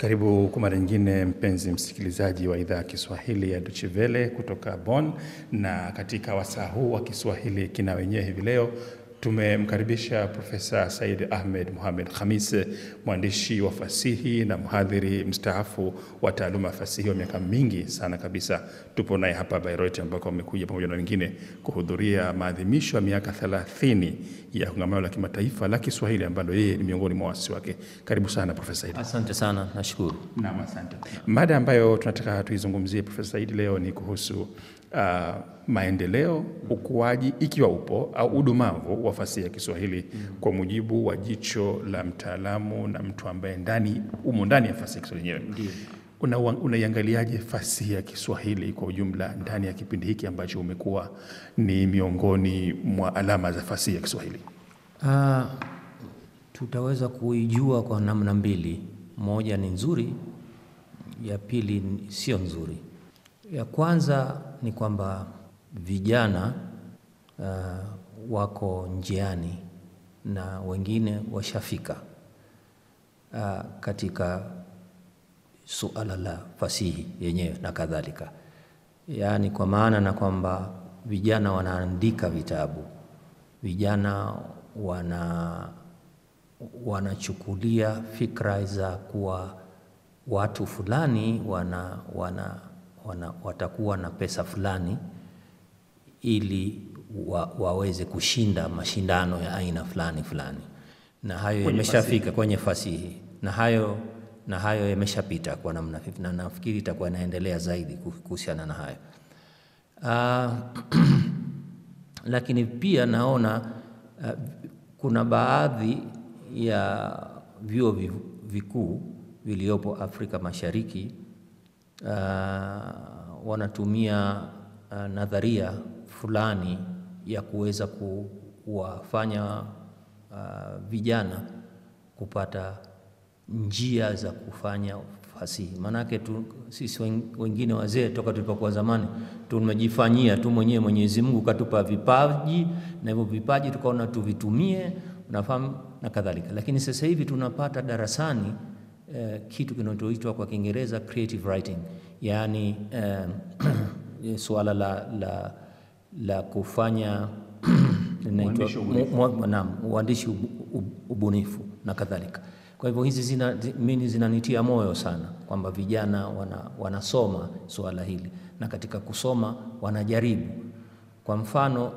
Karibu kwa mara nyingine mpenzi msikilizaji wa idhaa ya Kiswahili ya Deutsche Welle kutoka Bonn, na katika wasaa huu wa Kiswahili kina wenyewe hivi leo Tumemkaribisha Profesa Said Ahmed muhamed Khamis, mwandishi wa fasihi na mhadhiri mstaafu wa taaluma ya fasihi wa miaka mingi sana kabisa. Tupo naye hapa Bayreuth, ambako amekuja pamoja na wengine kuhudhuria maadhimisho ya miaka thelathini ya kongamano la kimataifa la Kiswahili ambalo yeye ni miongoni mwa wasi wake. Karibu sana Profesa Said. Asante sana, nashukuru. Naam, asante. Mada ambayo tunataka tuizungumzie Profesa Said leo ni kuhusu uh, maendeleo, ukuaji ikiwa upo au udumavu wa fasihi ya Kiswahili kwa mujibu wa jicho la mtaalamu na mtu ambaye ndani umo ndani ya fasihi ya Kiswahili yenyewe. Unaiangaliaje una fasihi ya Kiswahili kwa ujumla ndani ya kipindi hiki ambacho umekuwa ni miongoni mwa alama za fasihi ya Kiswahili? Uh, tutaweza kuijua kwa namna mbili, moja ni nzuri, ya pili sio nzuri. Ya kwanza ni kwamba vijana uh, wako njiani na wengine washafika uh, katika suala la fasihi yenyewe na kadhalika, yaani kwa maana na kwamba vijana wanaandika vitabu, vijana wana wanachukulia fikra za kuwa watu fulani wana, wana wana, watakuwa na pesa fulani ili wa, waweze kushinda mashindano ya aina fulani fulani, na hayo yameshafika kwenye fasihi na hayo na hayo yameshapita kwa namna, na nafikiri itakuwa inaendelea zaidi kuhusiana na hayo uh, lakini pia naona uh, kuna baadhi ya vyuo vikuu viliopo Afrika Mashariki uh, wanatumia uh, nadharia fulani ya kuweza kuwafanya uh, vijana kupata njia za kufanya fasihi. Maanake sisi wengine wazee toka tulipokuwa zamani tumejifanyia tu mwenyewe. Mwenyezi Mungu katupa vipaji na hivyo vipaji tukaona tuvitumie, unafahamu na kadhalika, lakini sasa hivi tunapata darasani uh, kitu kinachoitwa kwa Kiingereza creative writing, yaani um, suala la, la, la kufanya uandishi ubunifu na kadhalika. Kwa hivyo hizi zina, mimi zinanitia moyo sana kwamba vijana wana, wanasoma suala hili na katika kusoma wanajaribu. Kwa mfano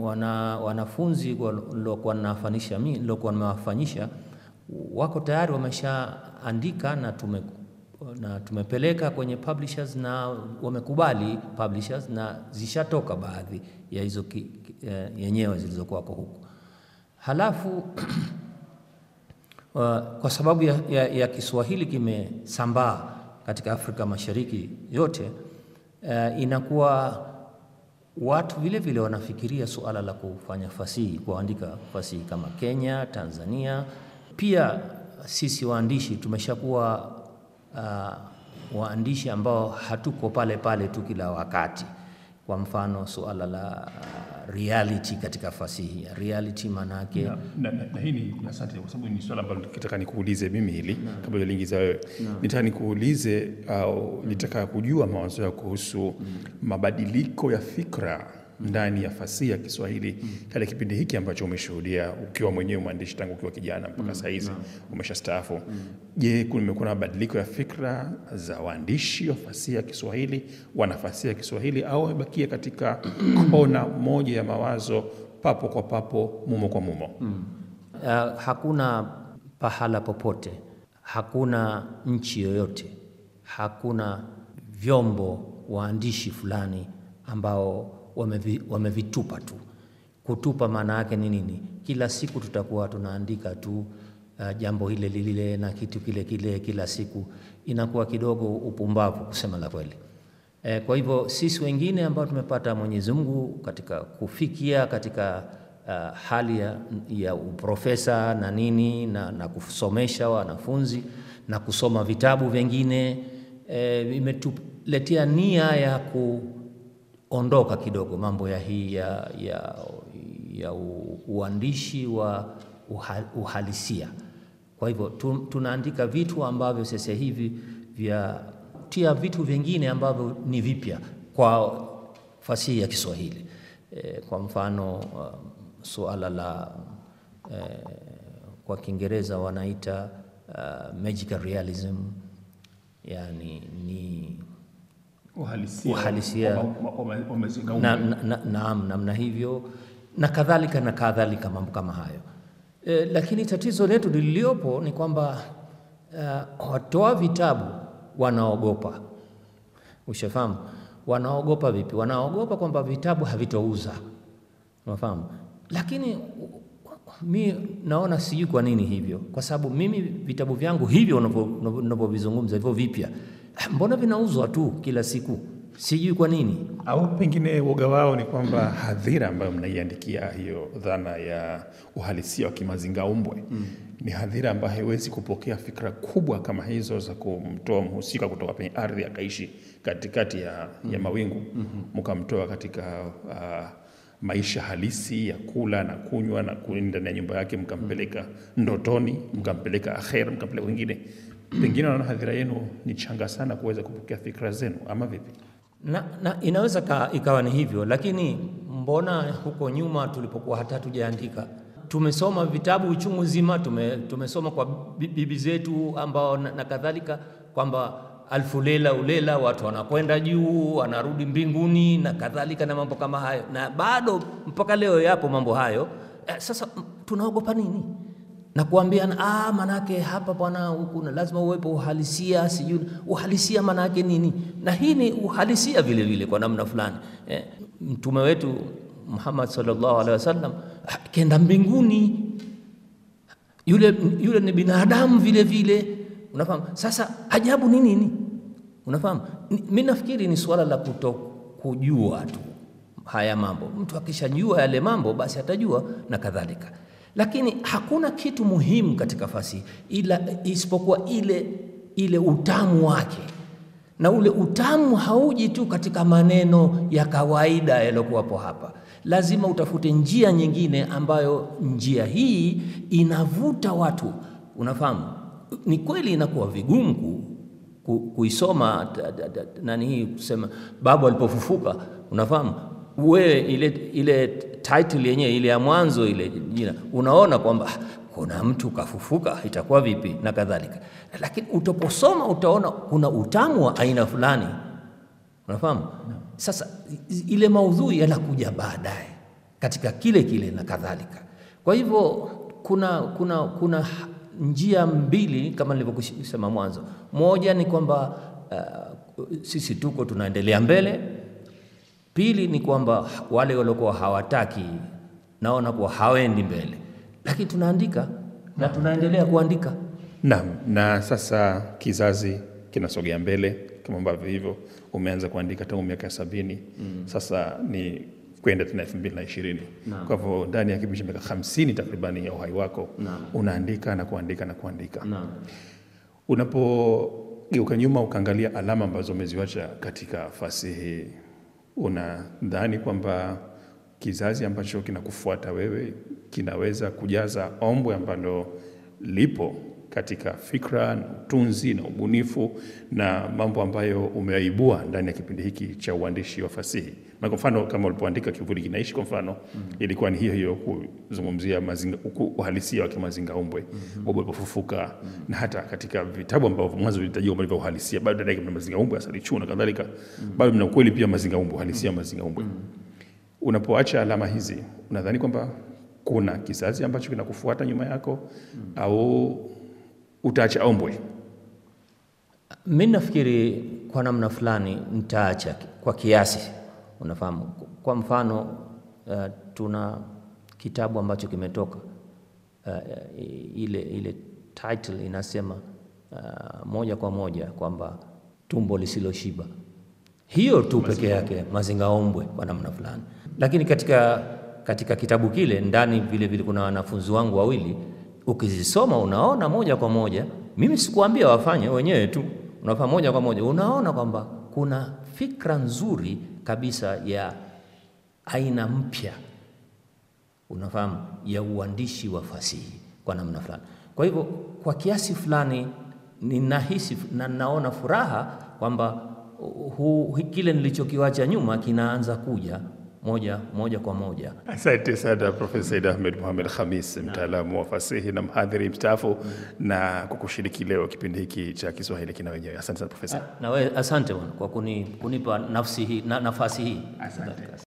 wana, wanafunzi waliokuwa nawafanisha mimi niliokuwa nimewafanyisha wako tayari wameshaandika na tume na tumepeleka kwenye publishers na wamekubali publishers na zishatoka baadhi ya hizo eh, yenyewe zilizokuwa hapo huko. Halafu uh, kwa sababu ya, ya, ya Kiswahili kimesambaa katika Afrika Mashariki yote uh, inakuwa watu vile vile wanafikiria suala la kufanya fasihi, kuandika fasihi kama Kenya, Tanzania pia sisi waandishi tumeshakuwa uh, waandishi ambao hatuko pale pale tu kila wakati. Kwa mfano suala la ah, reality katika fasihi, reality maanake na, na, na, na hii ni asante, kwa sababu ni swala ambalo nitaka nikuulize mimi hili kabla hujaliingiza wewe, nitaka nikuulize au nitaka kujua mawazo yako kuhusu mm, mabadiliko ya fikra ndani ya fasihi ya Kiswahili mm. katika kipindi hiki ambacho umeshuhudia ukiwa mwenyewe mwandishi tangu ukiwa kijana mpaka mm. sahizi umeshastaafu mm. Je, kumekuwa na mabadiliko ya fikra za waandishi wa fasihi ya Kiswahili, wanafasihi ya Kiswahili, au wamebakia katika kona moja ya mawazo, papo kwa papo, mumo kwa mumo? mm. Uh, hakuna pahala popote, hakuna nchi yoyote, hakuna vyombo waandishi fulani ambao wamevitupa tu. Kutupa maana yake ni nini? Kila siku tutakuwa tunaandika tu uh, jambo hile lile na kitu kile kile kila siku, inakuwa kidogo upumbavu kusema la kweli. E, kwa hivyo sisi wengine ambao tumepata Mwenyezi Mungu katika kufikia katika uh, hali ya, ya uprofesa na nini na, na kusomesha wanafunzi na kusoma vitabu vingine e, imetuletea nia ya ku ondoka kidogo mambo ya hii ya, ya, ya uandishi wa uhalisia. Kwa hivyo tunaandika vitu ambavyo sasa hivi vya tia vitu vingine ambavyo ni vipya kwa fasihi ya Kiswahili. E, kwa mfano um, suala la e, kwa Kiingereza wanaita uh, magical realism, yani ni uhalisia naam namna hivyo na kadhalika na kadhalika mambo kama hayo e, lakini tatizo letu liliopo ni kwamba uh, watoa vitabu wanaogopa ushafahamu wanaogopa vipi wanaogopa kwamba vitabu havitouza unafahamu lakini mi naona sijui kwa nini hivyo kwa sababu mimi vitabu vyangu hivyo unavyovizungumza hivyo vipya Mbona vinauzwa tu kila siku, sijui kwa nini. Au pengine woga wao ni kwamba hadhira ambayo mnaiandikia hiyo dhana ya uhalisia wa kimazingaumbwe mm. ni hadhira ambayo haiwezi kupokea fikra kubwa kama hizo za kumtoa mhusika kutoka kwenye ardhi akaishi katikati ya, mm. ya mawingu mm-hmm. mkamtoa mm -hmm. katika uh, maisha halisi ya kula na kunywa na ndani ya nyumba yake, mkampeleka mm. ndotoni, mkampeleka akhera, mkampeleka wengine pengine wanaona hadhira yenu ni changa sana kuweza kupokea fikra zenu, ama vipi? Na, na inaweza ka, ikawa ni hivyo, lakini mbona huko nyuma tulipokuwa hata tujaandika tumesoma vitabu uchungu zima, tume, tumesoma kwa bibi zetu ambao na, na kadhalika kwamba alfu lela ulela, watu wanakwenda juu wanarudi mbinguni na kadhalika na mambo kama hayo, na bado mpaka leo yapo mambo hayo. Eh, sasa tunaogopa nini? na kuambiana ah, manake hapa bwana, huku lazima uwepo uhalisia, sijui uhalisia manake nini, na hii ni uhalisia vile vile kwa namna fulani eh. Mtume wetu Muhammad sallallahu alaihi wasallam kenda mbinguni, yule yule ni binadamu vile vile, unafahamu. Sasa ajabu ni nini? Unafahamu, mimi nafikiri ni swala la kutokujua tu haya mambo. Mtu akishajua yale mambo, basi atajua na kadhalika lakini hakuna kitu muhimu katika fasihi ila isipokuwa ile ile utamu wake, na ule utamu hauji tu katika maneno ya kawaida yaliyokuwapo hapa. Lazima utafute njia nyingine ambayo njia hii inavuta watu. Unafahamu, ni kweli inakuwa vigumu ku, kuisoma nani hii kusema babu alipofufuka. Unafahamu wewe ile ile title yenyewe ile ya mwanzo ile jina, unaona kwamba ah, kuna mtu kafufuka, itakuwa vipi na kadhalika. Lakini utaposoma utaona kuna utamu wa aina fulani, unafahamu? Sasa ile maudhui yanakuja baadaye katika kile kile na kadhalika. Kwa hivyo kuna, kuna, kuna njia mbili kama nilivyokusema mwanzo. Moja ni kwamba uh, sisi tuko tunaendelea mbele Pili ni kwamba wale waliokuwa hawataki naona kuwa hawendi mbele, lakini tunaandika na tunaendelea kuandika. Naam, na sasa kizazi kinasogea mbele kama ambavyo hivyo umeanza kuandika tangu miaka ya sabini mm. Sasa ni kwenda tena elfu mbili na ishirini kwa hivyo ndani ya kipindi cha miaka hamsini takribani ya uhai wako na, unaandika na kuandika na kuandika unapogeuka nyuma ukaangalia alama ambazo umeziwacha katika fasihi unadhani kwamba kizazi ambacho kinakufuata wewe kinaweza kujaza ombwe ambalo lipo katika fikra na utunzi na ubunifu na mambo ambayo umeaibua ndani ya kipindi hiki cha uandishi wa fasihi. Na kwa mfano kama ulipoandika Kivuli Kinaishi kwa mfano mm -hmm. ilikuwa ni hiyo hiyo kuzungumzia uhalisia wa kimazinga umbwe mm -hmm. ulipofufuka mm -hmm. na hata katika vitabu ambavyo mwanzo vilitajiwa mbali vya uhalisia, bado ndani mna mazingaumbwe asalichu na kadhalika mm -hmm. bado mna ukweli pia mazinga umbwe, uhalisia mm -hmm. umbwe mm -hmm. unapoacha alama hizi, unadhani kwamba kuna kizazi ambacho kinakufuata nyuma yako mm -hmm. au utaacha ombwe Mi nafikiri kwa namna fulani nitaacha kwa kiasi, unafahamu. Kwa mfano uh, tuna kitabu ambacho kimetoka uh, ile, ile title inasema uh, moja kwa moja kwamba tumbo lisiloshiba. Hiyo tu peke yake mazinga ombwe kwa namna fulani, lakini katika, katika kitabu kile ndani vile vile kuna wanafunzi wangu wawili ukizisoma unaona moja kwa moja. Mimi sikuambia wafanye wenyewe tu, unafahamu moja kwa moja, unaona kwamba kuna fikra nzuri kabisa ya aina mpya, unafahamu, ya uandishi wa fasihi kwa namna fulani. Kwa hivyo kwa kiasi fulani ninahisi na naona furaha kwamba kile nilichokiwacha nyuma kinaanza kuja moja moja kwa moja. Asante sana Profesa Said Ahmed muhamed Khamis, mtaalamu wa fasihi na mhadhiri mstaafu, mm. na kwa kushiriki leo kipindi hiki cha Kiswahili kina wenyewe. Asante sana profesa. Ah, na wewe asante bwana kwa kunipa nafasi hii.